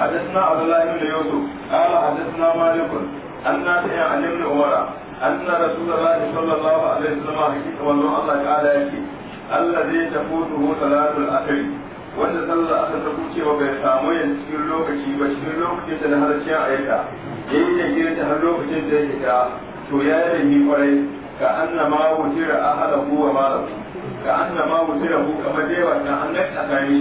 حدثنا عبد الله umara يوسف قال حدثنا مالك أن نافع عن ابن عمر أن رسول الله صلى الله عليه وسلم حكيت والله الله تعالى يكي الذي تفوته صلاة الأخر wanda sallar asar ta kuce bai samu yanzu cikin lokaci ba cikin lokacin da na halarci a aika ya yi da girta har lokacin da ya fita to ya yi da ni kwarai ka anna ma wutira ahalahu wa malahu ka anna ma wutira hu kamar dai wannan an naka kai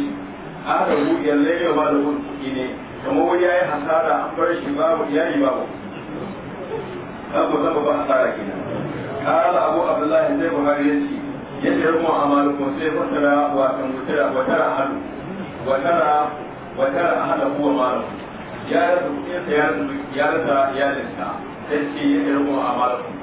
shi kamar wani ya yi hasara an bar shi babu iyali babu dan ku zama ba hasara kenan kala abu abdullahi sai buhari ya ce ya ce rumu amalukum sai fasara wa tambutira wata tara wata wa tara wata tara ahadu malu ya rasa kuɗi sa ya rasa rasa sai ce ya ce rumu amalukum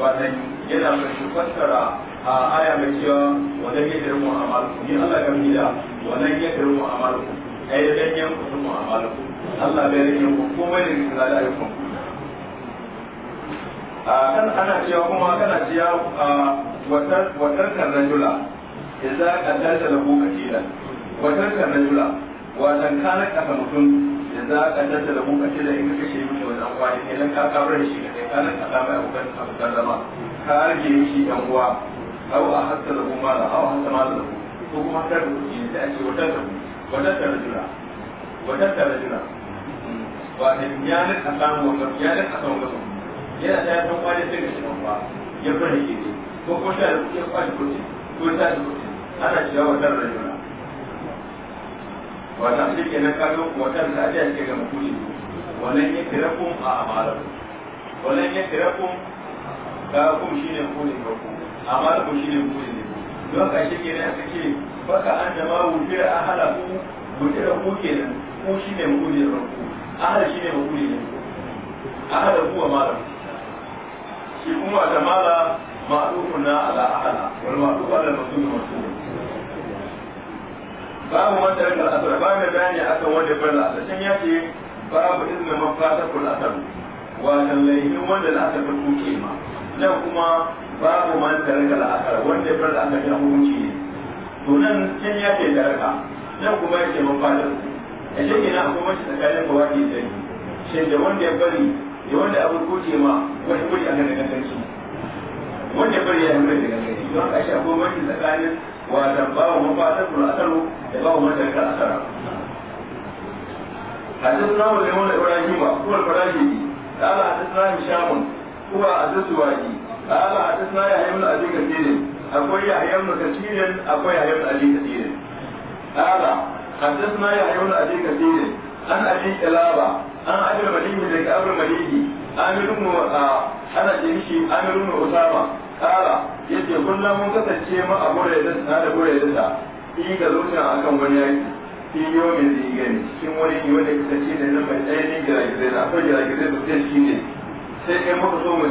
wannan yana mai shi fassara a aya mai cewa wannan ya ce rumu amalukum ni Allah ya kamila wannan ya ce rumu amalukum ai rage yanku sun mu'amalaku Allah bai rage yanku komai da rikin zai ayyukan kan ana cewa kuma kana cewa watar kan rajula idza qaddata lahu katilan watar kan rajula watan kana kasa mutum idza qaddata lahu katilan in ka shi mutum wannan kwani ne lan ka kabar shi ne kana kasa mai abokan abokan zama ka rage shi yan uwa aw a hatta lahu mala aw hatta mala ko kuma ta da kuɗi da ake wata da kuɗi وجدت رجلا وجدت رجلا وأن يالك أسام وقف يالك أسام وقف yana da yan kwari sai ga shirin ba ya bari ke ne ko ko sha da kuke kwari kuɗi ko ta da kuɗi ana cewa wata rajula wata shi ke na kaɗo wata da ta ke ga mutum wannan ya kira kun a amalar wannan ya kira kun ga kun shi ne kuɗi ga kun Amara kun shi ne kuɗi ne don ka shi ke na ya kake baka an da ma wuce a hala ku wuce da ku kenan ku shi ne mu ne da ku ahala shi ne mu ne ahala ku ma da shi kuma da mala ma'rufun na ala ahala wal ma'ruf ala masul masul babu man tarika al-asr ba mai bayani akan wanda bar al-asr can ya ce babu izinin man fata kul asr wa laihin wanda al-asr ku ke ma nan kuma babu man tarika al-asr wanda bar al-asr ya hukunci ne tunan can ya ce daraka nan kuma ya ce mun fadar a jirgin ina akwai shi tsakanin kawaki da ni shi da wanda ya bari da wanda abin kuce ma wani kuri a kan daga wanda bari ya himar da sarki don haka shi akwai wani tsakanin wata bawa mafasar kula asaro da bawa mafasar asara حدثنا وليمون ابراهيم هو الفراهيدي قال حدثنا هشام هو الزواجي قال حدثنا يحيى بن ابي كثير akwai yahya ibn kathir akwai yahya ibn ali kathir qala حدثنا يحيى بن ابي كثير an ابي كلابه عن ابي المليك بن ابي المليك عامر بن انا جيشي عامر usama اسامه قال yace kullum mun kasance ma a burayen na da burayen da yi ga zuciya akan wani yaki shi yau mai zai gani cikin wani yi wanda kasance da nan mai tsaye ne gira-girai akwai shi ne sai muka so mu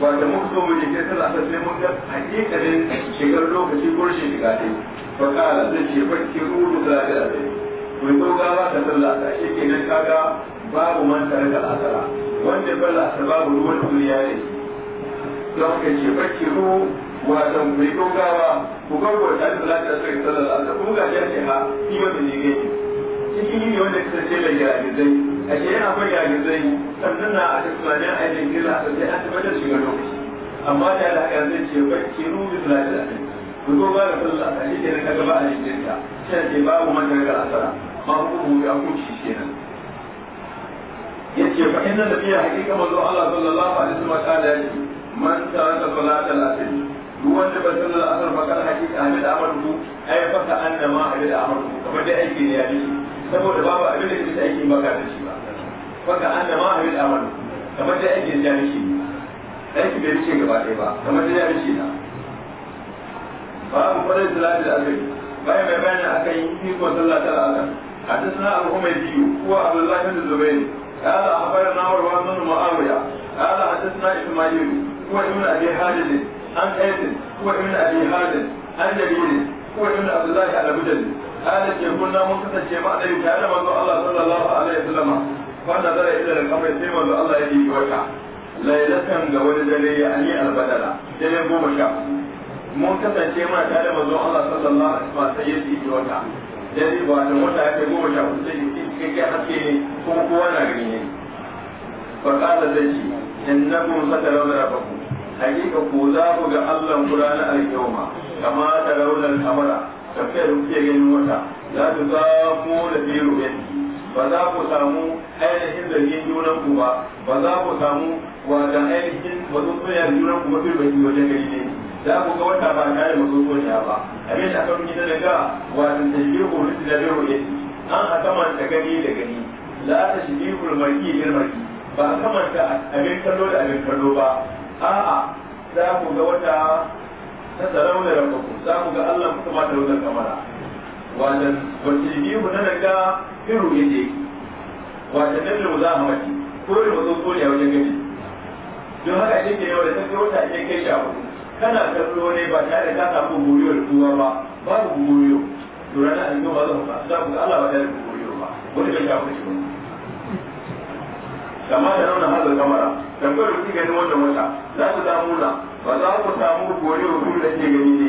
wanda muka so mu jikin sallah sai sai mun ga hakikalin shigar lokaci ko rashin shiga ta yi fa kala da ce ba ki ruru da da da ku ko ga ba ta sallah ta shi nan kaga babu man tare da asara wanda ba ta babu ruwan duniya ne don ka ce ba ki ruru ta mai yi ga ba ku ga ko ta sallah ta sai sallah ta ku ga ya ce ha shi wanda ne ne cikin yi wanda kasance mai gari zai a ke yana kwari a zai sannan na a cikin tunanin a yi gina a sai an tabbatar shi ga lokaci amma da ya haka zai ce bai ke nu bi da a ku zo ba da sallah a shi kenan kaga ba a jikin ta shi ne babu manta ga asara ma hukumu ya hukunci kenan yace fa inna nabiyya haqiqa manzo Allah sallallahu alaihi wasallam kada ya ce man ta taraka salata al-asr duk wanda ba sallar asar ba kan haqiqa hamid amadu ai fa ka annama a hamid amadu kamar da aiki ne ya ji saboda babu abin da yake aiki ba ka da shi ba faka an da ma'amil amalu kamar da aikin ya rike aiki bai rike gaba ɗaya ba kamar da ya rike na babu kwanar salatul asr bayan mai bayani akan yi ko sallatul asr حدثنا أبو حميدي هو عبد الله بن الزبير قال أخبرنا مروان بن معاوية قال حدثنا إسماعيل هو ابن أبي حاجز عن قيس هو ابن أبي حاجز عن جبير هو ابن عبد الله على بجد قال كنا منقطع جماعة da manzo Allah sallallahu alaihi wasallam fa nazara ila al-qamar sai manzo Allah ya yi wata lailatan ga wani dare ya ani albadala. badala dare goma sha mun kasance muna tare da manzo Allah sallallahu alaihi wasallam sai yi wata dare ba ta wata ya kai goma sha sai ya yi kike haske ne kuma kowa na gani ne fa qala zai innakum satarawna rabbakum hakika ko za ku ga Allah kurana al-yawma kama tarawna al-qamara kafin kuke ganin wata za ku la fi ru'yati ba za ku samu ainihin zargin junan ku ba ba za ku samu wata ainihin wasu tsoyar junan ku mafi bai wajen gari ne za ku ga wata ba tare masu tsoya ba abin da aka rubuta daga wata ko rusul da ci. an akamanta gani da gani la tashbihu marki bil marki ba akamanta abin kallo da abin kallo ba a'a za ku ga wata ta sarau da rabbaku za ku ga Allah kuma da wajen kamara wannan wata tashbihu na daga irin yadda yake wata nan da mu za mu mace ko da mu zo koriya wajen gani don haka idan ke yau da ta wata ake kai sha kana kallo ne ba tare da ka samu goriyo da tuwa ba babu goriyo to ranar an yau ba zan ba za ku ga Allah ba tare da goriyo ba wani bai sha hudu shi ba kama da nuna hazar kamara tambayar da kuke ganin wannan wata za ku samu na ba za ku samu goriyo kuma da ke gani ne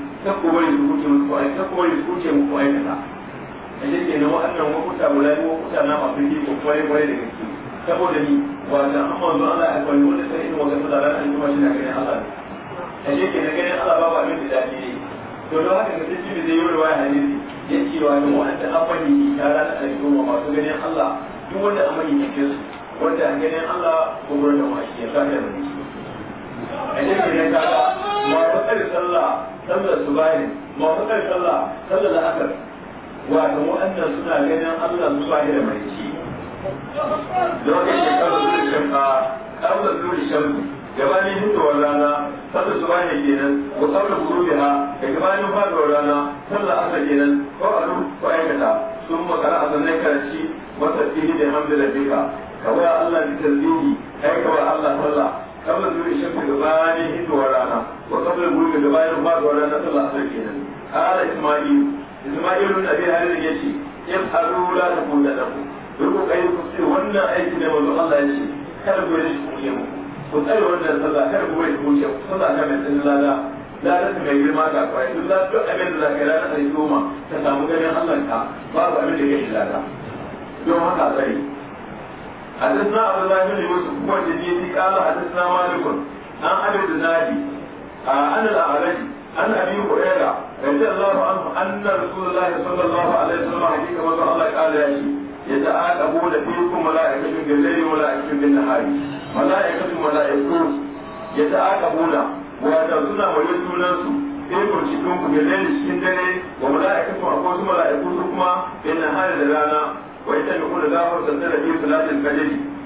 ta ku bari su huce muku ai ta ku bari su huce muku ai kaza a je ke nan wa'annan wakuta guda biyu wakuta na masu yi ko kwaye kwaye da gaske saboda ni wata amma zuwa Allah ya kwalli wanda sai irin wanda suna ranar juma shi na ganin Allah a ke ganin Allah babu abin da daɗi ne to don haka da sai zai yi ruwa ya hadisi ya ce wa ne wa'anda an bani ya ranar aljuma masu ganin Allah duk wanda an bani ke su wanda ganin Allah ko wurin da washi ya sa da a ne ke nan kaga masu tsari sallah sallar su bayan masu tsari sallah sallar la'akar wato wa'annan suna ganin allah su bayan da mai ci lokacin da kawai zuri shamka kawai zuri shamka gabanin hindowar rana sallar su bayan kenan ko kawai gurubi ha da gabanin faduwar rana sallar asar kenan ko a rubu ko aikata sun makara a sannan karshe wata fili da hamdu da bika kawai allah da tasbihi aikawar allah sallah kamar zuwa shafi gabanin hitowar rana wa kamar gurbe gabanin faduwar rana sallah asar kenan ala isma'il isma'il bin abi halil yace in haru la takun da ku duk kai ku ce wannan aiki ne manzo Allah ya ce, kar ku yi shi ku ku tsare wannan sallah kar ku yi ku ku sallah ta mai tsallala lalata mai girma ga kwai duk za duk abin da za ka lalata sai goma ta samu ganin Allah ka babu abin da ya shi lalata don haka tsari حدثنا عبد الله بن يوسف هو الذي قال حدثنا مالك عن ابي الزنادي عن الاعرج عن ابي هريره رضي الله عنه ان رسول الله صلى الله عليه وسلم حقيقه كما الله قال يا شيخ يتعاقبون فيكم ملائكة بالليل وملائكة بالنهار ملائكة ملائكة يتعاقبون ويتعطون ويتعطون فيكم شكوكم بالليل الشندري وملائكة أقوى ملائكة كما بالنهار لرانا ويتبعون لا فرصة في صلاة الفجر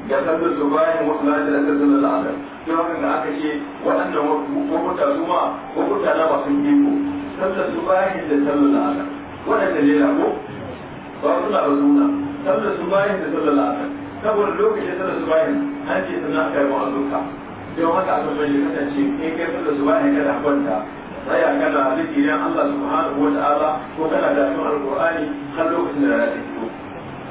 يصل الصباح وصلاة الأسر صلى الله عليه وسلم haka aka ce waɗannan hukunta su ma hukunta na masu iko sallar subahin da sallar la'asar waɗanda ne na ko ba suna da suna sallar subahin da sallar la'asar saboda lokacin sallar subahin an ce suna aka yi ma'azuka don haka aka so kasance in kai sallar subahin kada kwanta tsaya kana zikirin Allah subhanahu wa ta'ala ko kana da alƙur'ani har lokacin da rana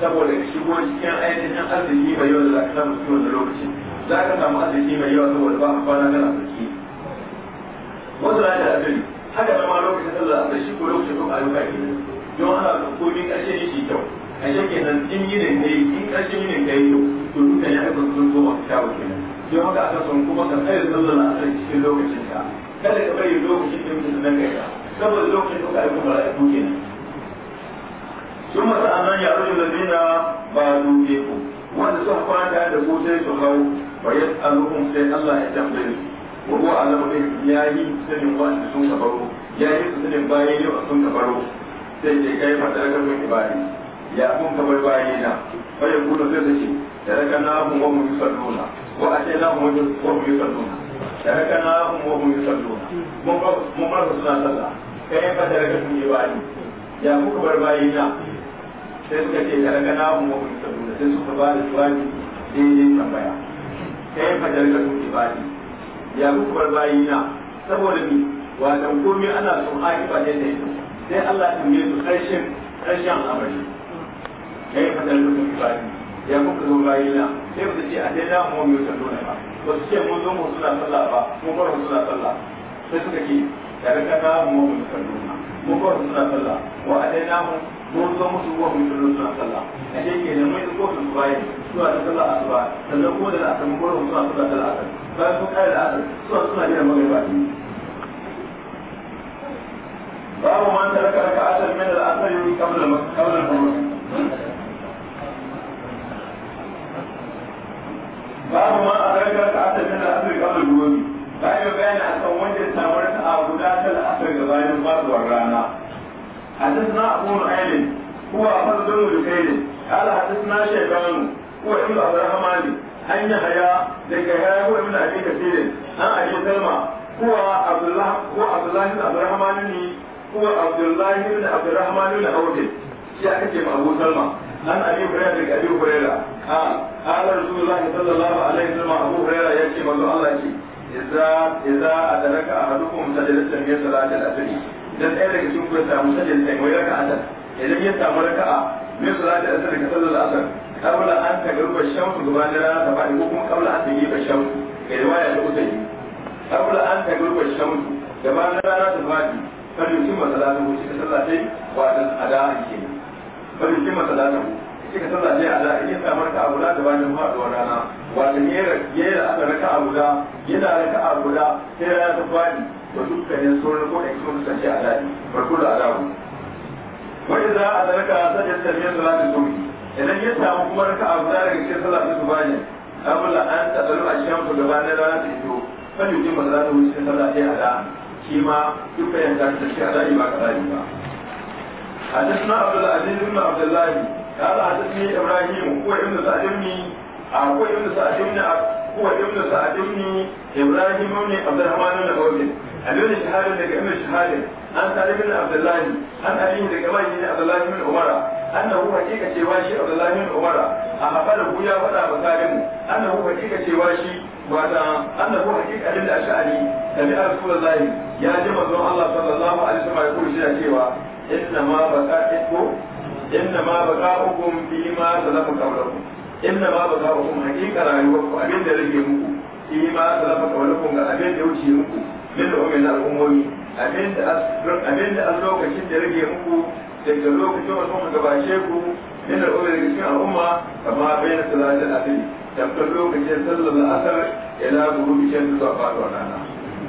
saboda shigo cikin ainihin arziki mai yawa da za ka samu cikin wannan lokacin za ka samu arziki mai yawa saboda ba a kwana kana sarki wasu na da abin haka nan ma lokacin sallah da shi ko lokacin duk ayyuka ke don ana komi ƙarshe ne shi kyau a shakke nan in yi da ne in ƙarshen yi ne ka yi to dukkan ya aika sun zo masu kyawu kenan don haka aka son kuma ka kai tsaye sallah na asar cikin lokacin ka kada ka bari lokacin da mutum nan ka yi saboda lokacin duk ayyuka ba za a yi kenan sun masu annan ya rufe da zina ba duke ku wanda sun kwanta da ku sai su hau ya alukun sai Allah ya tambaye su wa huwa alamu ne ya yi sanin wanda sun ka baro ya yi sanin bayan yau sun ka baro sai ke kai fa daga mun ibadi ya kun ka bar bayan na fa ya kudu sai su ce daga na mun wa mu salluna wa a sai na mun wa mun salluna daga na mun wa mu salluna mun ba mun ba su na Ka kai fa daga mun ibadi ya kuka bar bayan na sai suka ce ka daga namun wa kuka dole sai suka ba da jawabi daidai tambaya kai fa jarka su ibadi ya ku bar bayi na saboda ni wa dan komai ana son akiba da yake sai Allah ya tambaye su karshen karshen al'amari kai fa jarka su ibadi ya ku zo bayi na sai ku ce a dai namun mu kuka dole ba ba su ce mun zo mu suna sallah ba mu bar mu suna sallah sai suka ce ka daga namun wa kuka dole mun kawar suna sallah wa a dai namu mun zo musu wa mun zo suna sallah a ke ke nan mai ko su bayan suna da sallah a suba sannan kuma da aka mun kawar suna sallah da asar bayan sun kare da asar suna suna jira ba. ne babu man taraka raka asar min da al asar yuri qabla qabla da dhuhr babu man taraka raka asar min al asar qabla al dhuhr bayan bayani akan wanda ya samu حدثنا أبو معين هو أحمد بن ملكين قال حدثنا شيخان هو ابن عبد الرحمن هيا يحيى هيا هو ابن أبي كثير عن أبي سلمى هو عبد الله هو عبد الله بن عبد الرحمن هو عبد الله بن عبد الرحمن بن عوف يا كتم أبو سلمى عن أبي هريرة أبي هريرة قال رسول الله صلى الله عليه وسلم أبو هريرة يأتي والله الله يأتي إذا إذا أدرك أحدكم سجدة من صلاة الأسري dan ɗaya daga cikin ku ya samu sajin da wai raka'a ta idan ya samu raka'a min salati asr daga sallar asar. qabla an tagruba shamsu gabanin rana ta fadi ko kuma qabla an tagruba shamsu ga riwaya ta yi. qabla an tagruba shamsu gabanin rana ta fadi kan yutim masalatu shi sallah sai wa dan ada'a kenan kan yutim cika suka sallah sai a za'a iya samar ka abu da bayan faduwar rana wata yera yera aka raka a guda, yana raka a guda, sai rana ta fadi da dukkanin sauran kuma ɗan sun sace a daɗi farko da alamu wani za a zarka a sajin tafiyar salatin zuwi idan ya samu kuma raka a guda daga cikin salatin su bayan amma an taɓaru a cikin ku gabanin rana ta fito kan yi jin mazalar wucin salatin a da'a shi ma dukkan yanka ta shi a daɗi ba ka daɗi ba حدثنا عبد العزيز بن عبد قال حدثني ابراهيم هو ابن سعد هو ابن سعد هو ابن سعد ابراهيم بن عبد الرحمن بن hanyoyin shahadun daga imir shahadun an tare bin abdullahi an ali daga bayi ne abdullahi bin umara annahu hakika cewa shi abdullahi bin umara a mafalin ku ya faɗa ba kare mu annahu hakika cewa shi wata annahu hakika abin da sha'ani da bi a rasulun zahiri ya ji mazon allah sallallahu alaihi wasallam ya kuma cewa inna ma ba ka da zama kamar ku inna ma ba hakika rayuwar ku abin da rage muku bi da zama kamar ku ga abin da ya wuce muku min da ummin al'ummomi abin da an lokacin da rage muku daga lokacin wasu mu gabashe ku min da ummin daga cikin al'umma kama bai na a asiri tabbatar lokacin sallar asar ila gurubi shan zuwa faɗuwa rana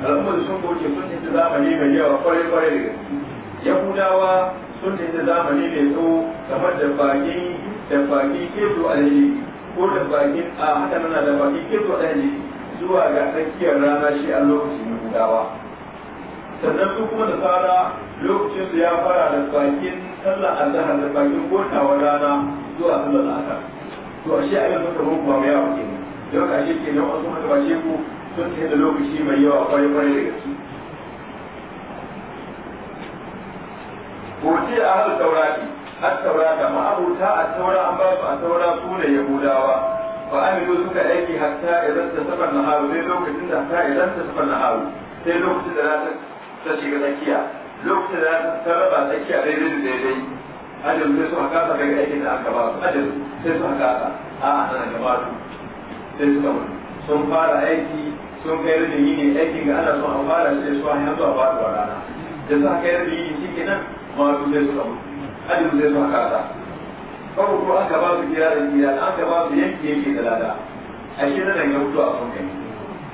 al'ummomi sun koce sun yi zamani mai yawa kwarai-kwarai da gaske yahudawa sun yi zamani mai tsawo kamar da baki da baki keto a ko da baki a haka na da baki keto a zuwa ga tsakiyar rana shi a lokacin gudawa. sannan su kuma da tsara lokacin su ya fara da bakin sallar Allah da bakin Kotawa rana zuwa sallar asar to a shi a yanzu kamar kuma mai yawa kenan don ka shi nan wasu mata ba ku sun ce da lokaci mai yawa kwari kwari da gaske Kurti a hal taurati, har taurata ma'abuta a taura an ba su a taura su ne Yahudawa, fa amilu suka aiki hatta idan ta safar na haru sai lokacin da hatta idan ta safar na haru sai lokacin da za ta shiga tsakiya lokacin da za ta raba tsakiya daidai da daidai ajal sai su haka ga aikin da aka ba su ajal sai su haka a ana gaba su sai suka mutu sun fara aiki sun kai da yini aikin ga ana son a fara sai su hanyar zuwa faɗuwa rana da su haka yi da yini shi kenan ma su sai suka mutu ajal sai su haka kawai ko an gaba su gida da gida aka ba su yanki yanki da lada a shi na nan ya mutu a kan kai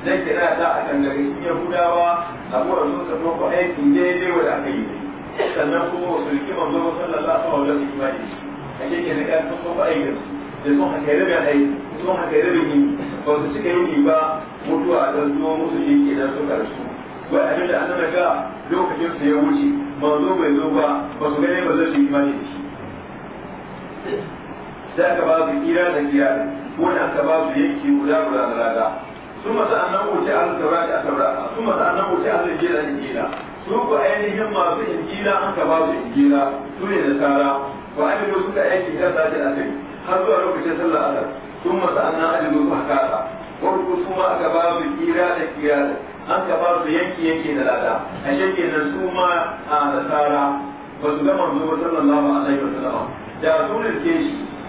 dan kira ta a kan daga yahudawa abu da sun sabo ko aiki daidai wanda aka yi sannan kuma wasu rike manzo sallallahu alaihi wa sallam imani a ke ke daga sun sabo aikin da sun haka rabe aiki sun haka rabe yi ba su cika yi ba mutuwa a ɗan zuwa musu yanki dan suka rasu wai abin da an ga lokacin su ya wuce manzo bai zo ba ba su gane ba zai yi imani da shi sai aka ba su kira da kira da aka ba su yanki guda guda da raga sun masu annan wuce an saura da aka raka sun masu annan wuce an zai jira da kira su ku ainihin masu injila an ka ba su injila su ne da tsara ba a yi suka aiki kan a asiri har zuwa lokacin sallah asar sun masu annan ajiyo su haka ta ko su ma aka ba su kira da kira an ka ba su yanki yanki da lada a yanki na su ma a nasara ba su gama zuwa sallallahu alaihi wasallam da sun shi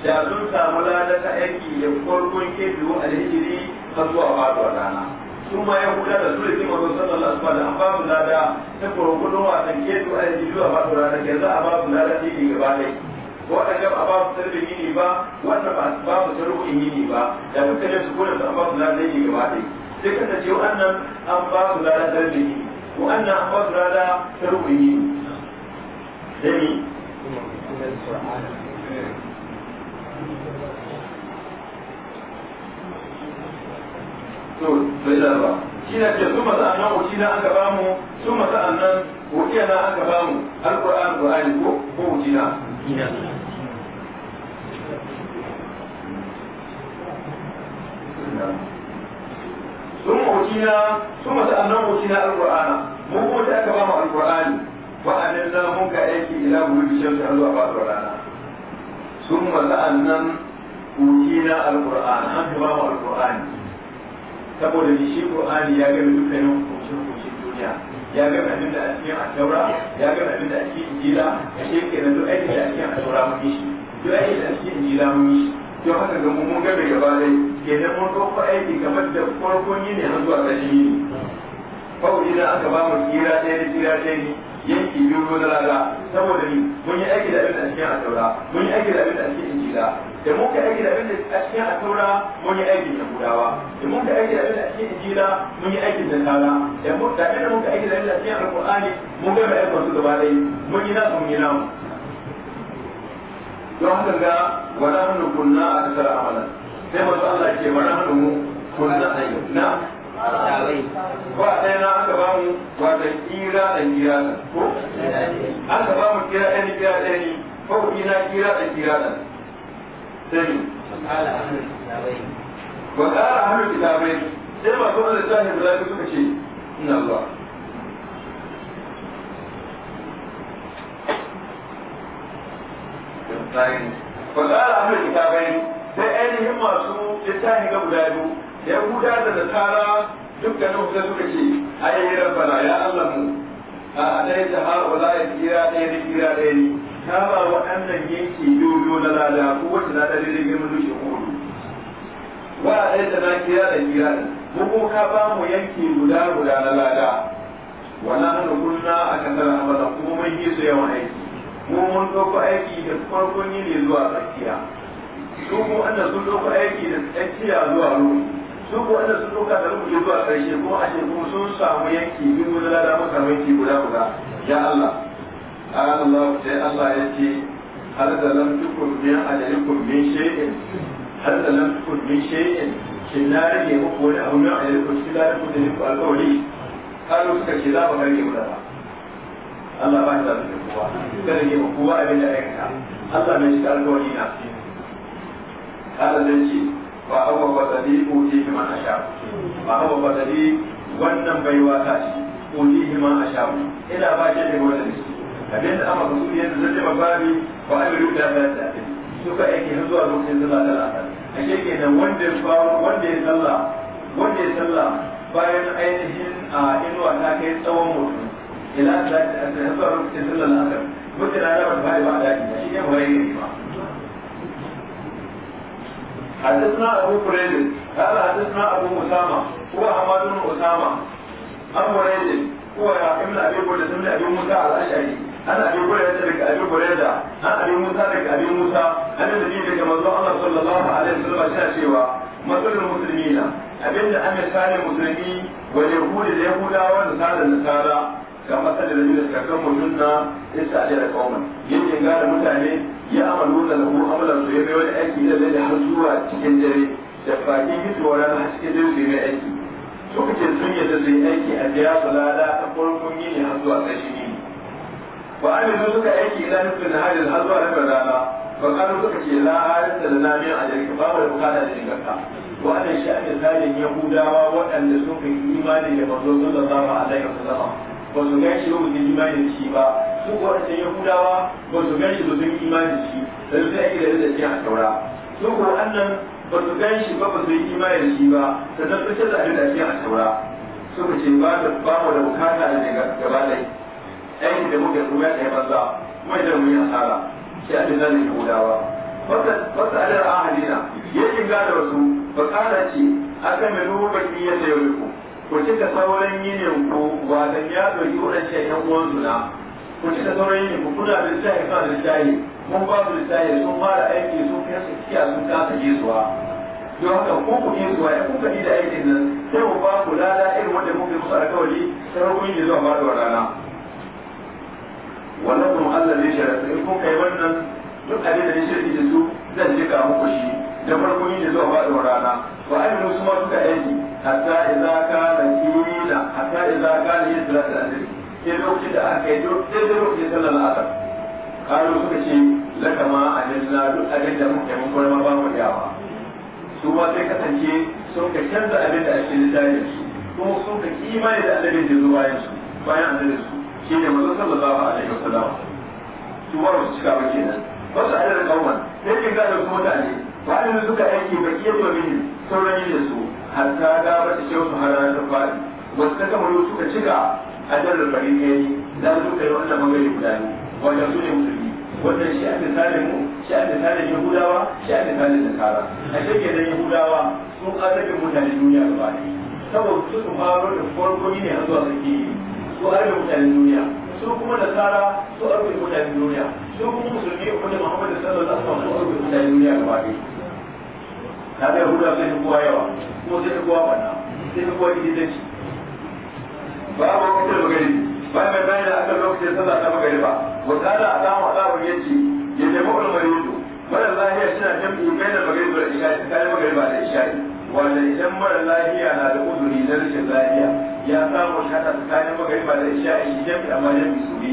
da sun samu lada ta aiki da farkon kebiyu alhijiri har zuwa faduwa rana su ma ya huda da su rike mazan sallallahu alaihi wasallam an ba su lada ta kurkudu wasan kebiyu alhijiri zuwa faduwa rana ke za a ba su lada ta yi gaba dai waɗanda ba ba su sarbe yini ba wanda ba su sarbe yini ba da muka ne su kula su an ba su lada yi gaba dai sai ce wannan an ba su lada sarbe yini wa'annan an ba su lada sarbe yini. Dani. to bai ba shi na ce sun masa nan wuci na aka ba mu sun masa nan wuci na aka ba mu alƙur'an ƙur'ani ko ko na na na mu aka ba mu mun ka aiki ila zuwa ba rana na an ba mu saboda ni shi Qur'ani ya gani dukkanin hukuncin hukuncin duniya ya gani abin da a taura ya gani abin da a cikin Injila a shi na nan duk aikin da a cikin mafi shi duk aikin da a cikin Injila mafi shi don haka ga mun gabe gaba dai kenan mun ɗauko aiki kamar da farkon yini har zuwa yi yini kawai idan aka ba mu tsira ɗaya da tsira ɗaya ne yanki biyu ko lada saboda ni mun yi aiki da abin da a taura mun yi aiki da abin da a cikin Injila da muka aiki da abin da a cikin atura mun yi aikin da budawa da muka aiki da abin da a cikin injila mun yi aikin da tsara da mun da abin da mun aiki da abin da a cikin alqur'ani mun ga bayan wasu gaba dai mun yi na mun yi namu don haka ga wala hanu kunna a tsara amalan sai masu Allah ke wala hanu mu kunna na ba ɗaya na aka ba mu wata kira da kira ko aka ba mu kira ɗaya kira ɗaya ko ina kira da kira ɗaya wa ƙara hannun kitabai sai wani littafin da suka ce ina zuwa ƙara hannun kitabai sai ainihin masu littafin ga guda biyu ya huda da nasara dukkanin sai suka ce ayyai rabbana ya allah mu a ɗaya ta har wala ya tsira ɗaya da tsira ɗaya ta ba waɗannan yanki dodo na lada ko wata lada daidai mun dushe hudu wa a ɗaya na kira da kira mu ko ka ba mu yanki guda guda na lada wala hana kunna a kasar hamada kuma mun yi su yawan aiki mu mun ɗauko aiki da farkon yini zuwa tsakiya su ko anda sun ɗauko aiki da tsakiya zuwa ruhu su ko anda sun ɗauka da ruhu zuwa ƙarshe kuma a ce sun samu yanki duk wani lada mun samu yanki guda guda ya Allah a ran Allah sai Allah ya ce har da lam tukun min ajalikum min shay'in har da lam tukun min shay'in kin na rike muku wani abu min ajalikum shi da Allah ba shi da kuwa kada kuwa abin da Allah ne shi da na su kada ba abuwa ba da ni uji a sha ba abuwa ba da wannan baiwa ta ce uji shi a sha ina ba shi da ni abin da amma rasul yadda zai ba babi ba a biyu da ba ta suka aiki har zuwa lokacin sallah da asar a shege nan wanda ya wanda ya sallah wanda ya sallah bayan ainihin a inuwa ta kai tsawon mutum ila a ta zuwa lokacin sallah da asar mutum na da ba ba da shi ne ba yayi ba حدثنا أبو بريد قال حدثنا أبو أسامة هو حماد بن أسامة أبو بريد هو ابن أبي بريد ابن أبي موسى الأشعري أنا أبي هريرة لك أبي هريرة أنا أبي موسى لك أبي موسى أنا الذي لك مزوع الله صلى الله عليه وسلم شاشوا مثل المسلمين أبين أن يسال المسلمين واليهود اليهود والنصارى النصارى كما سأل الذين كفروا منا يسأل قوما يجي قال متعني يعملون له عملا صغيرا والأيكي إلى الذي حسوا تكندري شفاكي يسوى لنا حسكندري في مائكي lokacin sun yadda su yi aiki a biya salada ta farkon yini har zuwa ƙarshe wa aminu suka aiki ila nufin hajjin har zuwa nufin rana ba kanu suka ce la harisa da namin a jirgin babu da bukata da jirgarka wa'adan sha'anin zalin yahudawa waɗanda sun fi imani da a sallallahu alaihi zama, ba su gan shi ba su imani da shi ba su waɗannan yahudawa ba su gan shi ba su da shi da su sai da da shi a saura. su kuwa waɗannan ba su gan shi ba ba su yi da shi ba sannan sun ce da da shi a saura. suka ce ba mu da bukata da gaba ɗaya aikin da muke kuma ya banza kuma idan mu yi asara sai abin nan ne hudawa wata adar ahadina ya shiga da wasu ba kara ce aka mai dubu baki ya sayo ku ku cika sauran yinin ku ba da ya ɗauki waɗansu ya uwansu na ku cika sauran yinin ku kuna da lissafi kuna da lissafi mun ba da lissafi sun fara aiki sun kai su kiya sun kasa yesuwa. don haka ko ku gesuwa ya kuka da aikin nan sai mu ba ku lala irin wanda muke musu alkawari sai hukunci zuwa ba da rana wannan kuma Allah ne shi in ko kai wannan duk abin da yake cikin su zan jika muku shi da farko ne da ba da rana to ai mun su ma suka aiki hatta idza kana kina hatta idza kana yadra da azri ke lokacin da aka yi duk da lokacin sallar asar kayo suka ce lakama jinna duk abin da muke mun kuma ba mu yawa su ba sai kasance sun ka canza abin da ake da su kuma sun ka kima da annabin da zuwa su bayan annabin su shi ne manzo sallallahu alaihi wasallam su ba su cika ba kenan ba su adar kauman sai ke gane su mutane wa'anda suka aiki ba iya to mini sauran yi da su hatta da ba ta ce su harar ta fadi wasu ta kamar suka cika adar da fari ne da suka yi wannan magana guda ne wanda su ne musulmi wannan shi a misalin mu shi a misalin yahudawa shi a misalin nasara a shirke da yahudawa sun ke mutane duniya gaba ne saboda su su faro da farko ne har zuwa sarki su arbe mutanen duniya su kuma nasara su arbe mutanen duniya su kuma musulmi wanda muhammadu sallallahu alaihi wasallam su arbe mutanen duniya gaba ɗaya ta da yahuda sai ta kowa yawa kuma sai ta kowa banna sai ta kowa gidanci ba a wakiltar magani ba mai bayan da aka lokacin sallah ta magani ba wakala a samu alawar yace ya nemi ulmar yudu wannan lahiya shi na jam'i bayan da magani da ta kayan magani ba da isha'i wanda idan mara lafiya na da uzuri na rashin lafiya ya samu shata tsakanin magariba da isha a shi jami'a ma jami'a su yi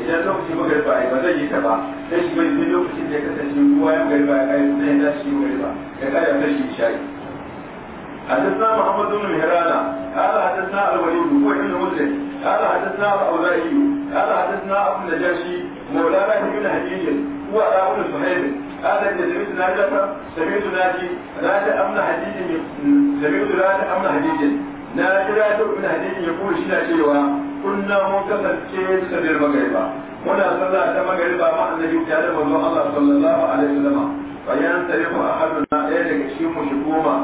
idan lokacin magariba ya ba zai yi ta ba sai shi bai lokacin da ya kasance ruwa ya ba ya kai sai ya shi magariba ya kai ya sai shi isha'i حدثنا محمد بن مهران قال حدثنا الوليد هو ابن مسلم قال حدثنا الاوزاعي قال حدثنا ابو النجاشي مولانا بن حجيج هو ابو قال ان سمعت ناجفا سمعت ناجي ناجى امن حديد سمعت ناجى امن حديد ناجى ناجى امن حديد يقول شنا شيوا كنا منتصر كيف سبيل المغربة هنا صلى الله مغربة مع النبي تعالى الله صلى الله عليه وسلم فينصرف احدنا اليك شيم شكوما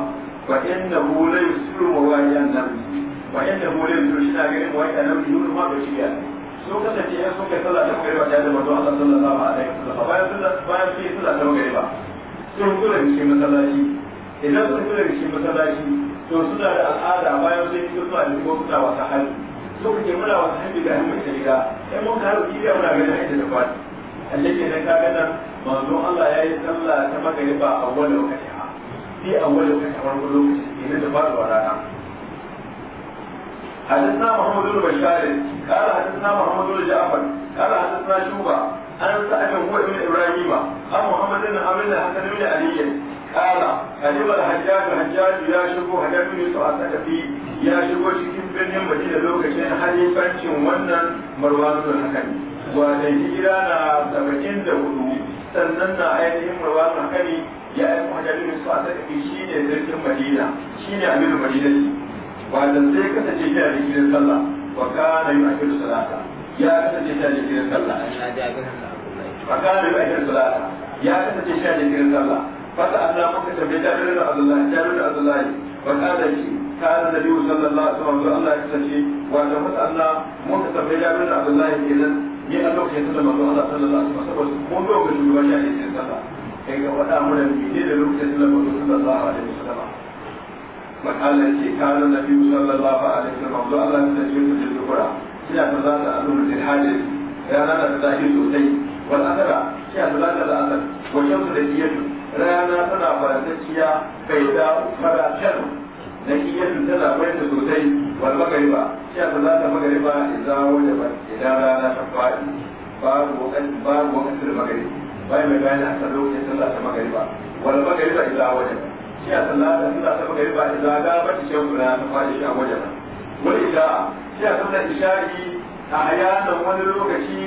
فانه لا يسلم وهي النبي وانه لا يسلم شنا غير وهي النبي يقول ما بشيء lokacin da ya suka sallah da magariba ya da manzo Allah sallallahu alaihi wasallam bayan sallah bayan sai sallah da magariba sun kula da cikin masallaci idan sun kula da cikin masallaci to suna da al'ada bayan sai su zuwa da ko suna wata hali so lokacin muna wata hali da mun ta gida sai mun karo gida muna ganin aiki da fadi Allah ke da kaga nan manzo Allah ya yi sallah ta magariba a wani lokaci ha sai a wani lokaci a wani lokaci ne da ba da rana حدثنا محمد بن بشار قال حدثنا محمد بن جعفر قال حدثنا شوبة عن سعد هو ابن إبراهيم عن محمد بن عمرو الحسن بن علي قال قدم الحجاج الحجاج يا شبو حجاج بن يوسف الثقفي يا شبو cikin birnin Madina lokacin halifancin wannan Marwan bin Hakami wa da hijira na 74 sannan na ainihin Marwan bin Hakami ya aika Hajjaj bin Yusuf al-Thaqafi shine sarkin Madina shine amirul Madina ba da sai kasance shi a jikin sallah wa kana yi akhiru salata ya kasance shi a jikin sallah wa kana yi akhiru salata ya kasance shi a jikin sallah fata Allah muka tambaye ta da Abdullahi, ta da Allah wa kana shi kana da biyu sallallahu alaihi wasallam Allah ya kasance wa da fata Allah muka tambaye ta da Allah kenan ni a lokacin da manzo Allah sallallahu alaihi wasallam ko lokacin da shi a jikin sallah kai ga wada mu da ne da lokacin da manzo sallallahu alaihi wasallam Allah ce kana nabi sallallahu alaihi cikin zo Allah ya tafi da dubura shi ya ta zata alul jihadin rana da ta tafi sosai wal asara shi ya ta zata da asar wa shamsu da kiyatu rana tana farantacciya bai da faratar na kiyatu tana bayyana sosai wal Magariba shi ya ta zata magriba idan wanda ba idan rana ta fadi babu wakati babu wakati magriba bai mai bayani a lokacin sallah ta Magariba wal magriba idan wanda shi a sallah da ta magari ba da zaga ba shan kula ta faɗi a wajen wani isha shi a sallah a ayanan wani lokaci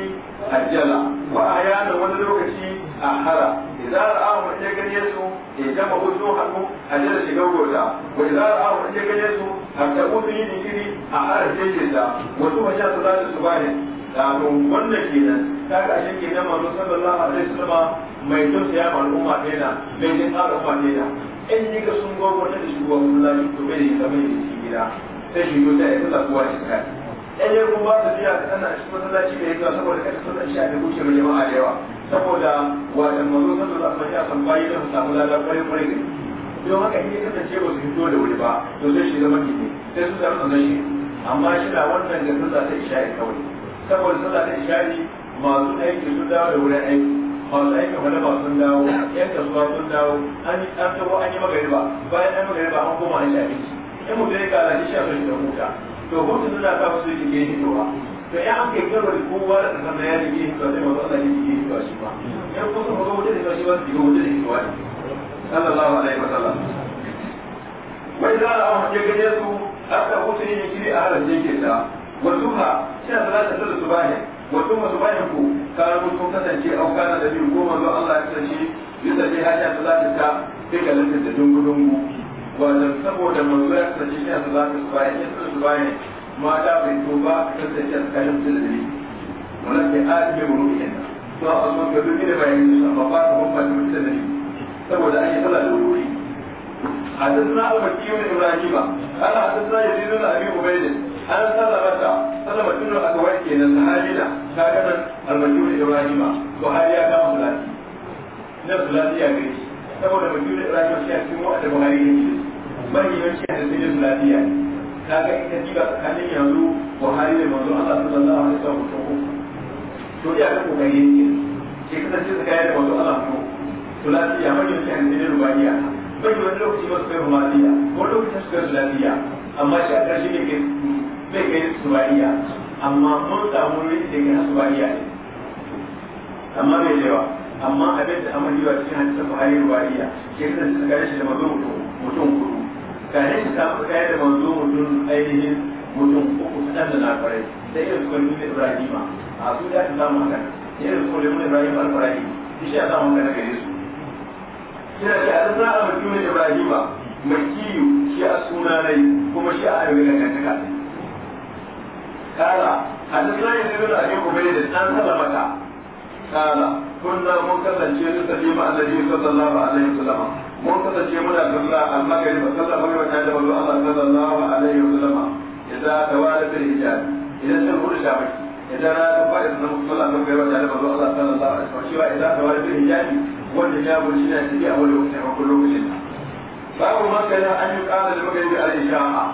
ajjala wa ayanan wani lokaci a hara idan ra'a mu ya gane ya jama wasu hannu ajjala shiga gota wa idan ra'a mu ya gane su a ta ubi ni kiri a hara jeje ta wasu ma sha sallah bani da wannan kenan ta ga shi kenan manzo sallallahu alaihi mai tausaya ma al'umma al'umma in ni ga sun gogo ta shi gogo kullahi to bai da mai da shi gida sai shi go ta yi sallah kuwa shi ka in ko ba da biya kana shi masallaci da yake saboda ka sun shi a da kuke mai jama'a da yawa saboda wa da mazo sallallahu ya san bai da samu lada kwarai kwarai ne to haka in ya kasance ba su to da wuri ba to sai shi zama kike sai su zama nan shi amma shi da wannan ga za ta kai kawai saboda za ta ni masu aiki su dawo da wurin aiki masu wani balaba sun dawo yan kasuwa sun dawo an tabo an yi magariba bayan an magariba an koma an shafi yan mutum ya kala shi shafi shi da huta to hutu suna sa su yi ke hitowa to ya an kai gabar kowa da kasan da ya yi ke hitowa sai masu Allah yi ke hitowa shi ba yan kusa mazo wuce da shi ba su yi wuce da hitowa ne sallallahu alaihi wa sallam wai za a hau ke gare su aka wuce yin kiri a halar jirgin da wasu ha shi a ta sallar su bayan mutum masu bayan ku kanu sun kasance au kana da biyu ko manzo Allah ya kasance bisa dai hanya da za ta ta sai da dungudungu wajen saboda manzo ya kasance shi a salatu su bayan ya salatu su bayan mata bai to ba kasance a tsakanin su da dare wannan ke ajiye mu to a ga duk bayan amma ba ta mun mutum da saboda ake sallah da wuri حدثنا أبو بكر بن إبراهيم قال حدثنا يزيد بن أبي عبيد an salamata salama tun da aka warke na sahabina sakanan da ibrahima buhari ya kama sulati na sulati ya gari saboda majiyar ibrahima shi a cikin wa'ada buhari ya ce mahimmanci a cikin sulati ya ne ta ga ita ji ba tsakanin yanzu buhari da manzo allah sallallahu alaihi wasallam ko to ya ga kokari yake ke kasance tsakanin da manzo allah ko sulati ya mahimmanci a cikin rubaniya bai wani lokaci wasu kai rumaniya ko lokacin su kai sulatiya amma shi a ƙarshe ne ke zai kai da subariya amma mun samu wurin da ga subariya ne amma mai yawa amma abin da amma yawa cikin hadisin buhari ruwariya ke kan suka shi da mazo mutum kudu ga ne shi samu kai da mazo mutum ainihin mutum uku kaɗan da na farai da irin su kalmi ibrahima a su da su samu haka irin su kalmi ibrahima al-farai shi ya samu haka na gare su kira da azza a mutum ibrahima makiyu shi a sunanai kuma shi a ayyukan kantaka قال حدثنا يزيد بن ابي عبيد عن سلمة قال كنا منكسر شيء نسلم على النبي صلى الله عليه وسلم منكسر شيء من الله المغرب صلى الله عليه وسلم صلى الله عليه وسلم اذا توالت الحجاب اذا تنفر شامك اذا لا تنفع اذا صلى الله عليه وسلم صلى الله عليه وسلم اذا توالت الحجاب والحجاب والشناء في اول وقت وكل وقت باب ما كان ان يقال للمغرب الاشاعه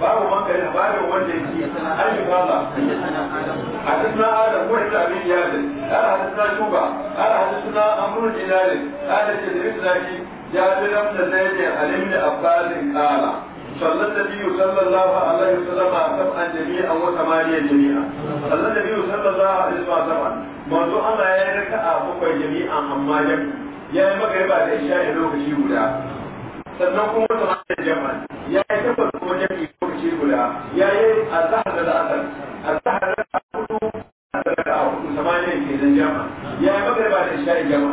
babu ma kai babu wanda yake ai baba hadisna adam ko ta bi yadi ala hadisna tuba ala hadisna amrul ilal ala tadris laki ya alim da zaiya alim da abbasin qala sallallahu alaihi sallallahu alaihi wasallam kam an jami'a wa samaniya jami'a sallallahu sallallahu alaihi wasallam manzo Allah ya yarda a bukwai jami'a amma ya ya yi magai ba da isha'i lokaci guda sannan kuma wata ma'aikata jama'a ya yi tabbata kuma jami'a guda ya yi azahar da la'asar azahar da hudu azahar da hudu samanin ke nan jama ya yi magarba da isha'i jama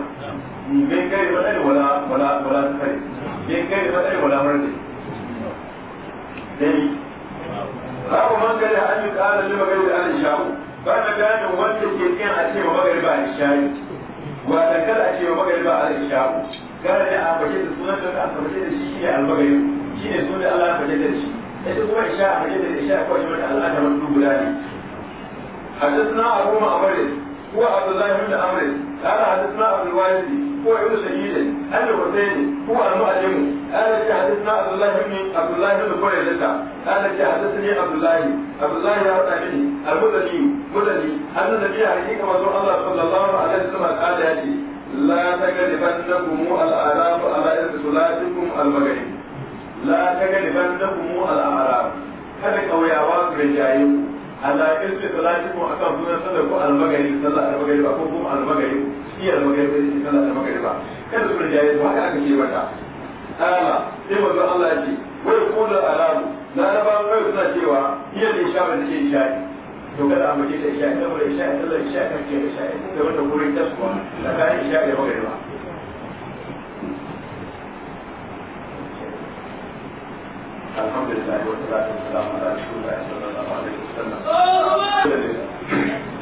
bai kai matsayi wala wala wala kai bai kai matsayi wala marde dai babu man kada an yi ƙara lima gari da an isha'u ba na bayanin wanda ke kin a ce magarba a isha'i wa da kala a ce magarba a isha'u gara da a bace da sunan da aka bace da shi ne almagari shi ne sunan da Allah ya bace da shi ita kuma isha a mace da isha kawai shi mata Allah Allah ta gani ban da kuma la ta gani ban da kuma al'amara kada kauyawa su rinjaye ku Allah ya ce salati akan sunan sallar ko almagari sallar almagari ba ko kuma almagari shi almagari ba shi sallar almagari ba kada su rinjaye ku haka aka ce mata ala sai mazo Allah ya ce wai da alamu na na ba kai suna cewa iya da isha da ke isha to kada a mace da isha saboda isha sallar isha kan ke isha da wanda gurin taswa da kai isha da magari ba الحمد لله والصلاة والسلام على رسول الله صلى الله عليه وسلم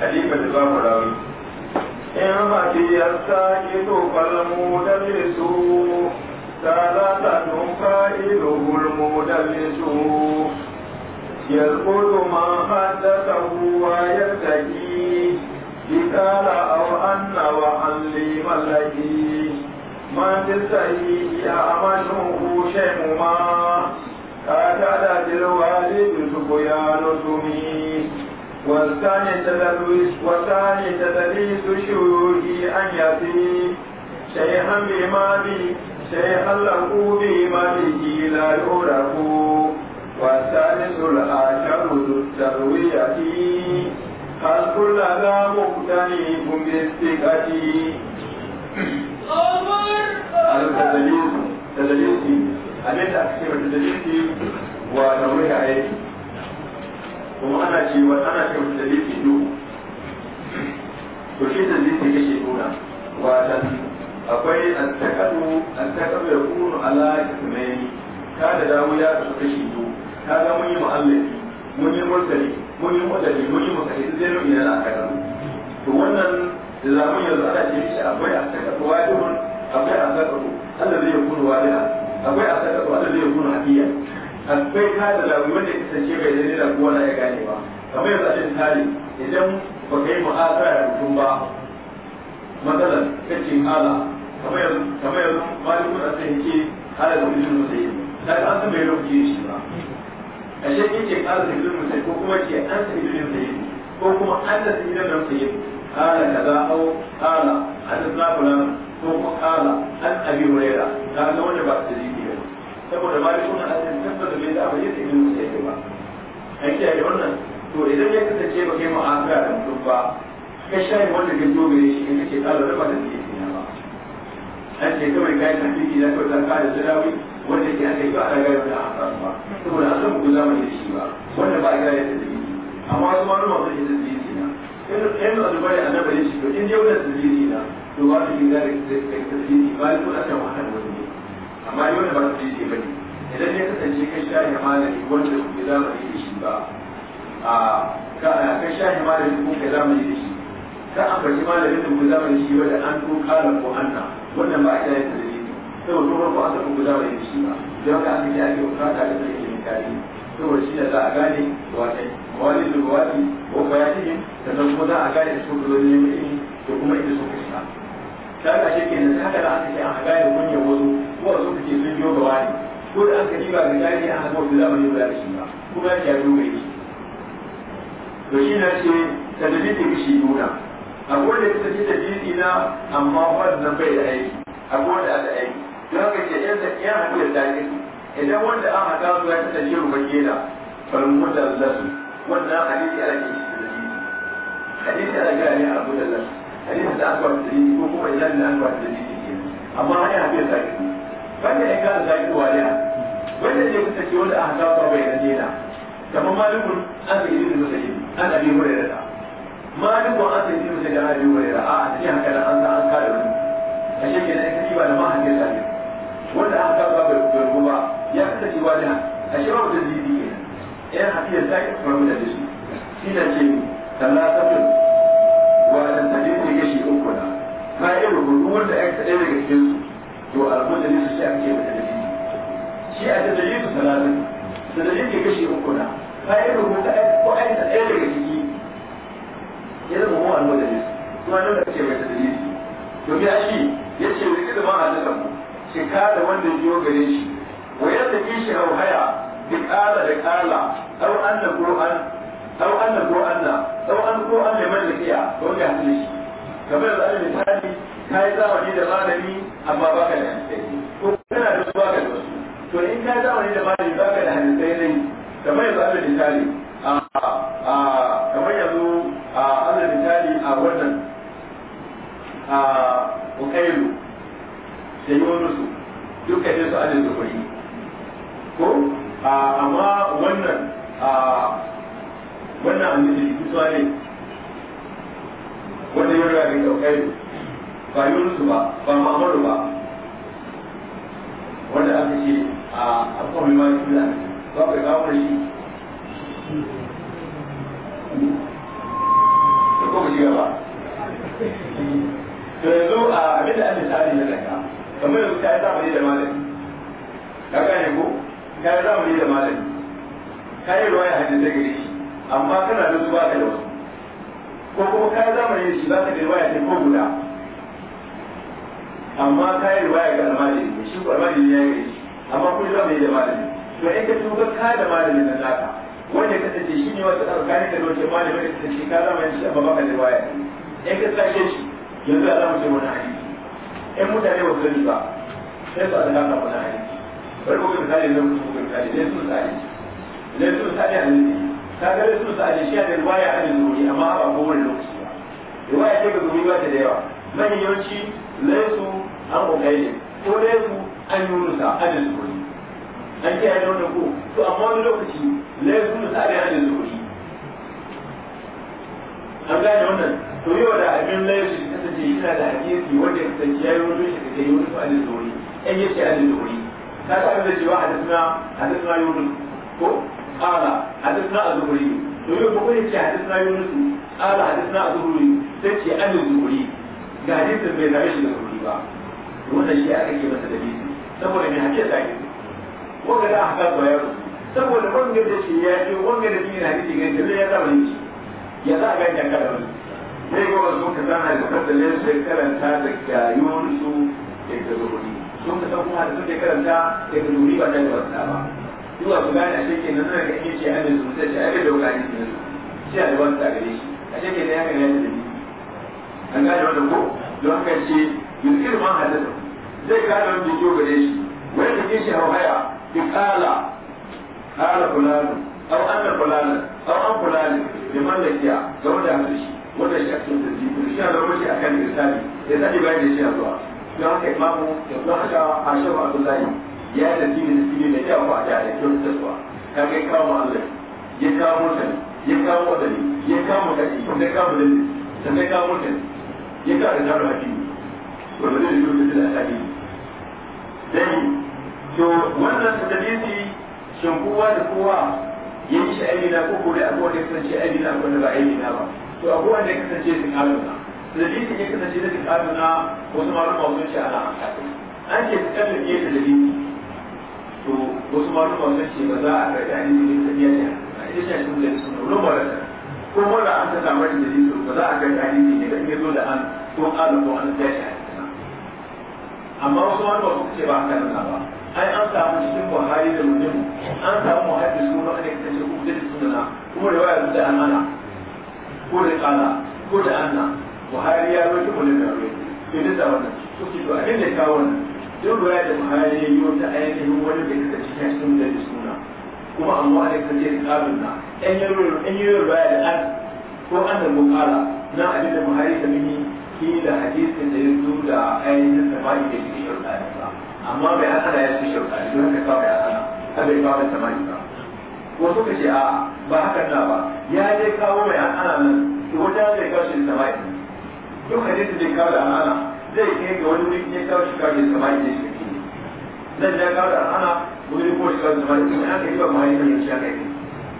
حديث الإمام الراوي إن متي الساكت فالمدلس ثلاثة قائله المدلس يذكر ما حدثه ويرتقي قتال أو أن وعن لي ملكي ما تستهيه أمله شيء ما kada jirwali su koya no sumi wasani tadalu wasani tadali su shuhi an yati shayhan bi mabi shayhan lahu bi mabi ila yuraku wasani sul ajaru tadwiyati hal kullaga muqtani bum bistikati Al-Tadalil, Tadalil, abin da aka ce mata da liki wa da wuri a yake kuma ana ce wa ana ce mata da liki duhu to shi da liki shi nuna watan akwai attaqadu attaqadu ya kunu ala ismaili ka da dawo ya su kashe duhu ka ga mun yi mu'allafi mun yi murtali mun yi mutali mun yi mutali zai nuna ina aka gano to wannan da zamu yanzu ana ce shi akwai attaqadu wajibun akwai attaqadu Allah zai kunu wajiba akwai a sadaka wanda zai kuna hadiya akwai da labu wanda ya kasance bai zai da kowa na ya gane ba kamar yanzu a cikin tali idan ba ka yi mu'azara da mutum ba matsalar kacin hala kamar yanzu kamar yanzu malikun a sai yake hala da mutum yi ta yi an san bai lokaci shi ba a shekin ce hala da mutum musayi ko kuma ke an san mutum yi ko kuma an da sun yi nan musayi hala kaza a hala an da suna fulana ko kuma hala an abi hurera ta ga wanda ba su saboda malikun asali tabbata bai da abin da ibn musayyib ba an kiyaye wannan to idan ya kasance ba kai mu'amala da mutum ba ka shayi wanda ka zo gare shi in kace tsara raba da ke ba an ce kawai kai ta kiki da kawai ta da sarawi wanda ke aka yi ba a gaya da hakan ba saboda an san ku zamani da shi ba wanda ba a gaya da dalili amma wasu ma ruwa sun yi dalili na in da zubai annabi shi to in dai da dalili na to ba su yi da dalili ba da aka wahala ba. amma yau da ba su ce ba ne idan ya kasance kai shahi malami wanda kuke zamani da shi ba ka ka shahi malami ko ka zamani da shi ka ambaci malamin da kuke zamani da shi ba da an to kala ko hanna wannan ba a kira da tarihi saboda kuma ba a san kuke zamani da shi ba don haka an kira ake bukata da tarihi ne tarihi saboda shi da za a gane watai mawalin da wati ko bayatihim sannan kuma za a gane su da neman yi da kuma inda suka shiga ta ga shi kenan haka da aka ce a haga da kunya wasu ko wasu kake sun yo gaba ne ko da aka diba ga jari an haga wanda zamani ba da shi ba shi ya yi mai shi to shi na ce ta da dinki shi nuna akwai da ta da dinki na amma wannan bai da aiki akwai da da aiki don haka ce yan da yan haga da aiki idan wanda an haga zuwa ta mu rubake da zasu. wannan hadisi alaƙi hadisi alaƙi ne a abu da lasu hadisin da aka ko kuma idan da aka wata dalili amma hanya hafi da zaki wanda ya kara zaki wa yana wanda ne kusa ce wanda aka kawo bai na jena kamar malikun an ga irin da zai an abi hurairar ta malikun an ga irin da zai abi hurairar a a cikin haka an sa an kare wani a shi kenan ka kiba da mahajjar wanda aka kawo bai bai ba ya kusa ce wani a shi ba wata dalili kenan yan hafi da zaki kuma mutane su Si na ce tallafatin da hadisi ya shi uku na ma irin ruwan da aka ɗaya daga cikin su to almujalisu shi ake da dalili shi a tadalisu talatin tadalili kashi uku na ma irin ruwan da aka ko aka ɗaya daga ciki ya zama mu almujalisu kuma nan da ake mai tadalisi to ya shi ya ce wani kada ma hadisan mu shi kada wanda ya gare shi wa ya tafi shi hauhaya bi ƙala da ƙala au an da ƙur'an sau an na ko an na sau an ko an da mallakiya ko ya hasile shi kamar da ana misali ka yi zamani da malami amma ba ka da sai. ko kana da ba ka da wasu to in ka yi zamani da malami ba ka da hadisai ne kamar yanzu ana misali kamar yanzu ana misali a wannan a ukailu da yunusu duka yin su ana zukuri ko amma wannan wannan abin da shi zuwa ne wanda ya rarrabe daukai ba yunusu ba ba ma'amaru ba wanda aka ce a abubuwan ma yi da ba kai kawo shi Ko kuma shiga ba to yanzu a abin da ake tsari na daga kamar yanzu ta yi zamani da malami ka ne ko ta yi zamani da malami ta yi ruwa ya hadin da gari amma kana da su ba ka da wasu ko kuma ka yin shi ba ka da riwaya ta ko guda amma ka yi riwaya ga almajiri ne shi ko almajiri ya yi shi amma kun zama yi da malami to in ka tuba ka da malami na zaka wanda ka tace shi ne wata tsakanin ka da wace malami ka tace ka yin shi amma ba ka da riwaya in ka sake shi yanzu a mu ce wani hadisi in mutane ba su ba sai su alaka wani hadisi bari ko ka misali na mutum ko ka misali ne sun tsari ne sun tsari hadisi kaga da su sa'adi shi da riwaya an nuri amma ba ko wani lokaci ba riwaya ce ga gumi ba ta da yawa mahi yawanci laisu an ukaili ko laisu an yunusa an nuri an kiyaye da wannan ko to amma wani lokaci laisu da sa'adi an nuri an gane wannan to yau da abin laisu shi kasance yana da hadisi wanda ya kasance ya yi wani shi da yi wani su an nuri an yi shi an nuri ka ta abin da cewa hadisna hadisna yunus ko قال حدثنا الزهري يقول بقول حدثنا يونس قال حدثنا الزهري تكي أن الزهري ga hadisin bai zame shi da sauri ba wannan shi aka ke masa dalili saboda mai hakiyar da hadisi wanda da aka ba yaro saboda wanda da shi ya ce wanda da dinin hadisi ga dalle ya zama shi ya za a gani ka da wani sai ga wasu ka zana da kasalle su ya da gayuwar su da kuma karanta da ba ta yi ba duk abu gane nan ga ke ce ce da wuka ne ke nan shi a daban ta gare shi ashe nan ya gane da ni an gane wanda ko don haka ce yuzkir man zai gane wanda ke gare shi wanda ke shi ki kala kala aw anna aw an bi mallakiya ga wanda ya shi wanda shi ake da shi shi a zama shi akan irsabi ya sani bayan da shi a zuwa don haka imamu haka a abdullahi ya yi nasibi nasibi mai ya a da kyautarwa Ka kai kawo Allah ya kawo ta ya kawo ni ya kawo mutane ya kawo mutane sannan kawo ta ya ka da tarar hakimi ne zai yi mutane da hakimi dai to wannan hadisi shin kowa da kowa ya yi sha'ani na ko kore abuwa da kasance aini na akwai ba aini na ba to abuwa da kasance sun kawo na dalilin ya kasance da sun kawo na wasu malaman sun ce ana an ce su kan da ke wasu malumar sun ce ba za a karɓi ainihin da tafiya ne a ita ce shi da suna wurin marasa ko mara an ta samar da dalilin ba za a karɓi hadisin da ya zo da an ko ƙala ko an tashi amma wasu malumar sun ce ba a kan ba ai an samu cikin buhari da mutum an samu kuma da amana ko da ko da anna buhari ya rawaito ko da rawaito sai da wannan ko ki inda kawo wannan duk ruwa da muhalli ya yi wata ainihin wani da ya kasance cikin da suna kuma amma da kasance da tsarin na ɗan yi ruwa da an ko an da mukara na abin da muhalli da mini kila hadisin da ya zo da ainihin samari da shi shirka da ba amma bai hasana ya shi shirka da haka kawai hasana abin ba da samari ba wasu ka ce a ba hakan na ba ya je kawo mai hasana nan to wajen zai kawo shi samari duk hadisin da ya kawo da hasana zai kai ga wani wuri ya kawo shiga kawo ya zama ya shi kake nan ya kawo da ana wani ko shiga da zama ya aka yi ba ma yi kan shi aka yi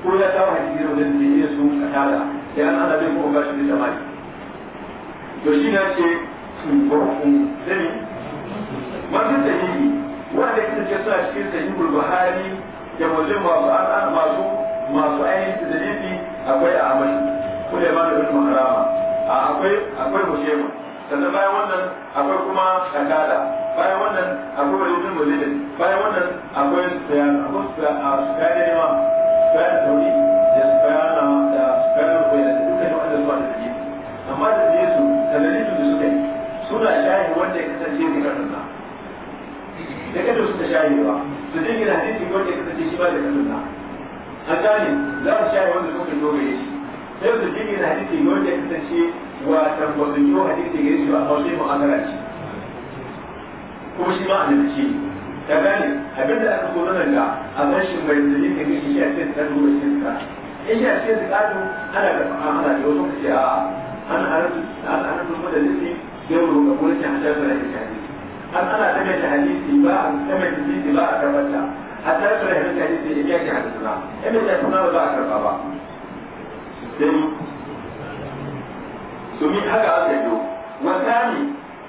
ko ya kawo hadisi da wani da ya su katala ya an ana bai kuma gashi da zama ya to shi na ce tubarkun zani masu sahihi wanda ya kasance suna cikin sahihul buhari da muslim masu an masu masu ainihin da akwai a amali ko da ma da wani harama akwai akwai mushe mushema sannan bayan wannan akwai kuma kakada bayan wannan akwai wajen mulidin bayan wannan akwai bayan akwai bayan yawa bayan tauri da bayana da bayan koyar da dukkan wanda zuwa da jiki amma da jesu talalitu da suka yi suna shayi wanda ya kasance da karnuna da kada su ta shayewa su jingina hadisi wanda ya kasance shi ba da na an gane za su shaye wanda suka dogare shi sai su jingina hadisi wanda ya kasance watan gwazin yau hadisi gare shi ba a sai mu'amala ce kuma shi ma annabi ce ta gane abin da aka kono nan a san shi mai zuri ka gani shi a cikin ta duba cikin ka in shi a cikin zikatu ana da mu'amala da wasu ka a an arzu an arzu mu da nufi yau roƙa gurin ta hadar da hadisi an ana ta mai hadisi ba a ta mai hadisi ba a karbata hatta da hadisi ya ke hadisi ba ya mai hadisi ba a karba ba domin haka aka yi yau wasani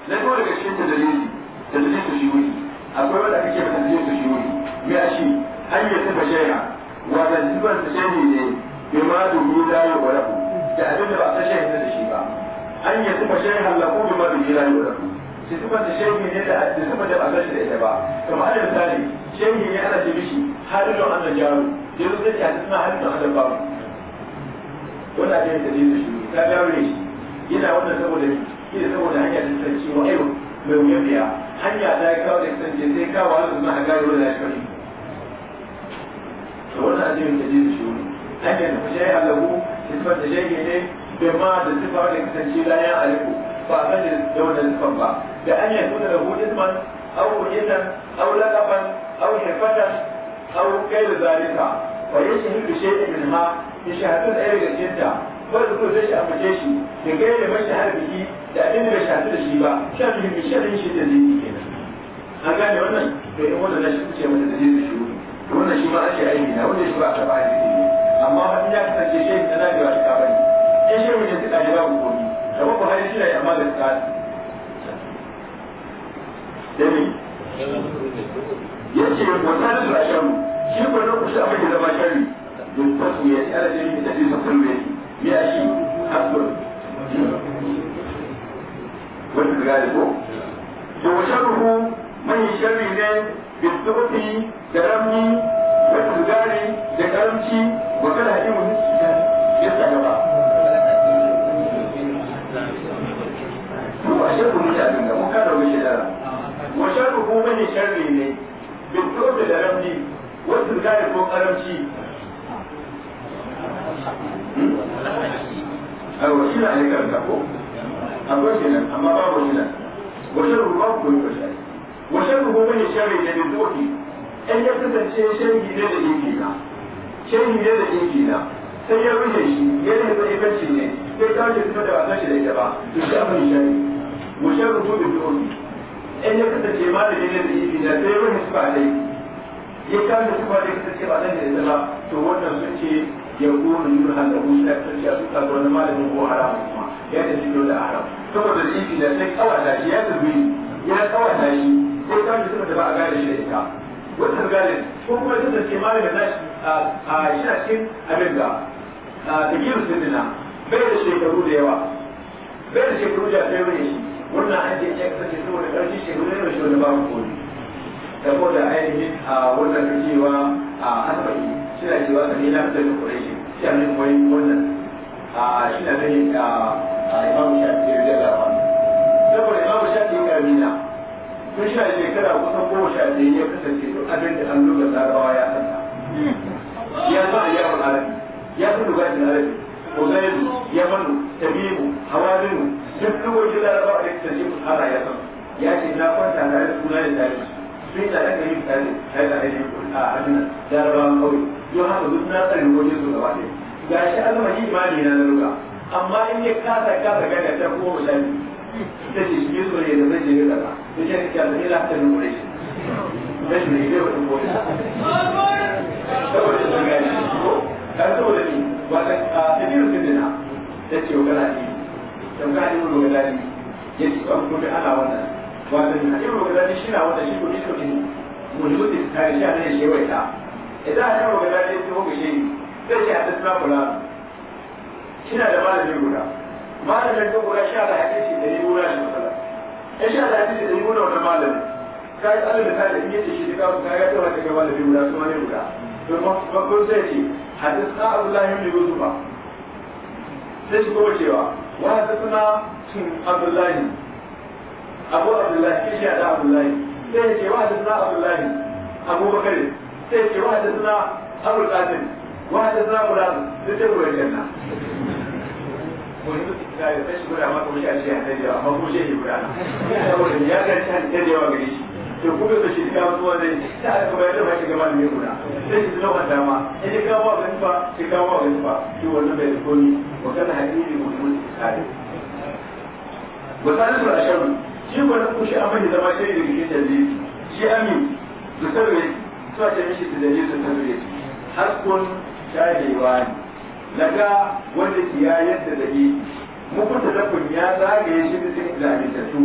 na dole daga cikin tadalisi tadalisu shi wuri akwai wanda kake ba tadalisu shi wuri me a shi hanyar tafa shaya wata zuban ta shayi ne bi ma dubi da ya wala ku da abin da ba ta shayi da shi ba hanyar tafa shaya halaku bi ma dubi da ya wala ku shi zuban ta shayi ne da da zuba da ba ta da ita ba kamar alal misali shayi ne ana ce mishi halilu an da jaru yanzu zai ta suna halilu an da babu wannan ne tadalisu shi ta jaru ne shi yana wannan saboda shi ne saboda hanya da ta cewa ayo mai wuyan biya hanya ta kawo da kasance sai kawo wani zuma a gari da ya shi to wannan addinin da jin shi ne hanyar da fashe a ta sifar da shege ne bai ma da sifar da kasance layan aliku ba a kan da wannan sifar ba da hanyar yi kuna lagu isman au kujinan au lalaban au hifatan au kai da zalika fa yashin da shege min ha ya shahadar ɗaya daga cikinta wanda kuma zai shi a shi da gaya da mashi harbiki da abin da shafi da shi ba shan muhimmi shan shi da zai yi an gane wannan to in wannan na shi kuce mata da zai shi wannan shi ma ake aiki na wanda shi ba ta bayan zai amma wani ya kasance shi da na biya ta bane in shi mutum suka ji babu komi da ba Buhari shi ne amma da suka dani yace wata da shan shi ko na kusa abin da zama shari dun tasu ya tsara da yin da zai sa kullu yake ya shi hakkun wani ka gane ko to sharruhu mai sharri ne bisufi da ramni wani ka gane da karamci wa kada hadimu ya sa gaba to a sharru mutanen da mun kada wuce da wa sharruhu mai sharri ne bisufi da ramni wasu ka gane ko karamci alwasila ne karanta ko kenan amma ba wasila wasar ruwa ko yi wasai wasar ruwa wani shari ne da doki in ya kasance shari ne da yake na shari ne da yake na sai ya rushe shi yana da ikanci ne sai ta ce kuma da ba kashi da ita ba to shi abin shari wasar ruwa da doki in ya kasance malami ne da yake na sai ya rushe su ba dai ya kama su ba dai kasance ba dan da ba to wannan sun ce ya kuma yi ruhan da musa ya tafiya su ta wani malamin ko haramun kuma ya da shi da haram saboda da shi da sai da shi ya zubi ya da shi sai ta mutum da ba a gane shi da ita wata gane ko kuma duk da ke malamin na shi a shi a cikin abin da da gilu sinina bai da shekaru da yawa bai da shekaru da sai mai shi wannan an je ya kasance saboda ƙarshen shekaru ne da shi wani babu koli saboda ainihin a wannan kacewa a asibiti suna cewa ka ne na fitar da kureshi shi a min wani wannan a shi na ganin a imamu shafi ya da wani saboda imamu shafi ya karbi na tun sha shekara kusan goma sha biyu ya kasance duk abin da an lura larabawa ya santa ya zo a yawon arabi ya fi lura da arabi uzairu yamanu tabibu hawadinu duk kawai shi larabawa da kasance kusara ya san ya ce na kwanta tare da suna da tarihi sai da aka yi misali sai da aka yi a hannun jarabawan kawai yau haka duk na tsarin wajen su gaba ɗaya ga shi almahi imani na ruka amma in ya kasa kasa gane ta kuma misali ita ce shi yanzu ne da zai je da ba da shi ne kyasa ila ta nuna shi da shi ne ke wata ta saboda sun gane shi ko kan saboda ni ta a tafiya sindina ta ce wa ta ne don ka ne mu ga dali ta ce an kuma ana wannan wato hadimu guda shi na wata shi ko su ne mulmutin tare shi a nan shi ta idan a yaro guda ne su hukun shi zai ce hadis na kula shi na da malami guda malamin da guda shi a da hadisi da ne guda matsala Ya shi a da shi da ne guda wata malami ka yi alal misali in ce shi duka ku ka ga ta wata ga malami guda su malami guda to ko sai ce hadis na abdullahi ibn yusufa sai shi ko cewa wa hadisna sun abdullahi abu abdullahi kishi da abdullahi sai ya ce wa hadisna abdullahi abu bakari sai ya ce wa hadisna abu qasim wa hadisna murad sai wani da guda ma kuma shi a ce ya sai amma kuma shi ya guda ya shi yawa kuma sai kawo ba bai da komi wa shi ko nan kushi amma da zama sai da shi da zai shi amin to sai to ta mishi da zai to sai har kun sharewa ne daga wanda ke ya yadda da yi mu da kun ya zagaye shi da cikin lamitattu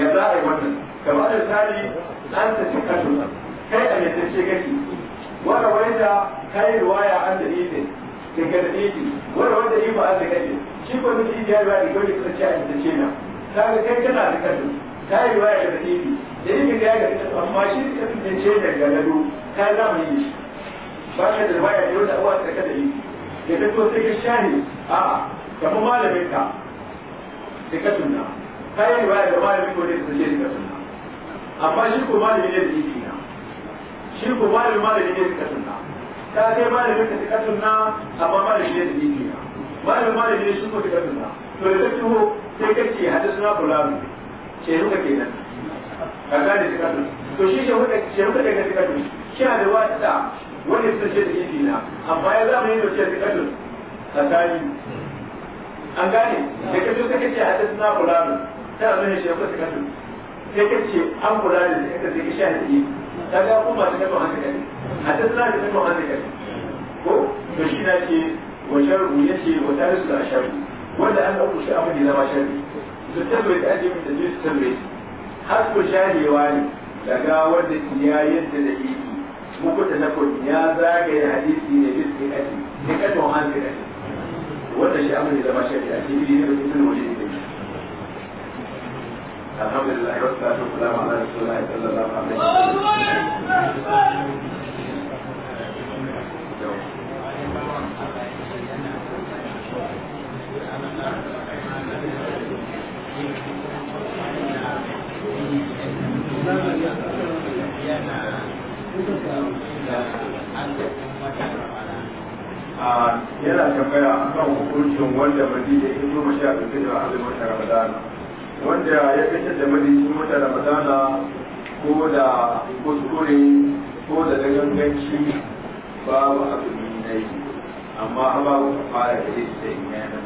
ya za a yi wannan kamar da tsari an ta cika shi kai a yadda kake wanda wanda kai ruwaya an da ne daga da ɗaya wanda wanda yi ba a da kashe shi ko mutum ya ba da kawai kasance a yadda ce na kaga kai kana da kallo Ta yi waya da yi da yake ga ga amma shi ka tunce da galado ka zama yi shi ba ka da waya da wata uwa ta kada yi da ka so sai ka shahi a ka fi malamin ka da ka tunna ka yi waya da malamin ko da ka tunce da tunna amma shi ko malamin ne da tv na shi ko malamin malamin ne da ka tunna ka kai malamin ka da ka tunna amma malamin ne da tv na malamin malamin ne shi ko da ka tunna to da tuho sai ka ce hadisuna ce nuka nan ka gane shi kadu to shi ce wanda ce nuka daga shi kadu shi da wata wani sun ce da ifi na amma ya zama yin doce ce sai ka ce shi nuka shi da sai ka ce an sai ka kuma shi kadu hannu ko to shi na ce wa sharru yace wa da ولا انا اقول شيء اخر الا ما شدي ستبدو يتأدي من تدريس سري حتى شاهي واني لقاود نياية الحديث ممكن تنقل يا ذاك يا حديثي نجس في أدي نكت وعان في أدي ولا شيء اخر الا ما شدي أدي بدي نبدو تنمو جديد الحمد لله والصلاة والسلام على رسول الله صلى الله عليه وسلم الله أكبر الله أكبر Thank you. yana tambaya a kan hukuncin wanda madi da ya zo mashi a ɗauke da azumin ta ramadana wanda ya kashe da madi sun mata ramadana ko da kuskure ko da ganganci babu azumi na yi amma ba ku fara da yadda ya yi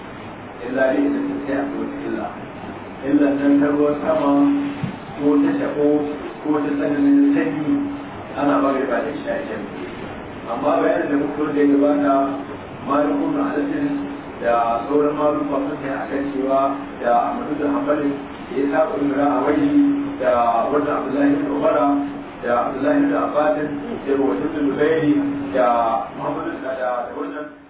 illa dai da sai a kowace illa illa dan ta sama ko ta shafo ko ta tsananin sanyi ana magriba da isha isha amma bayanin da muka da gabata malukun na halittin da sauran malukun sun kai a kan cewa da amadu da hambalin da ya saba lura a waje da wanda abdullahi da umara da abdullahi da abadin da wajen da lubairi da muhammadu da da wannan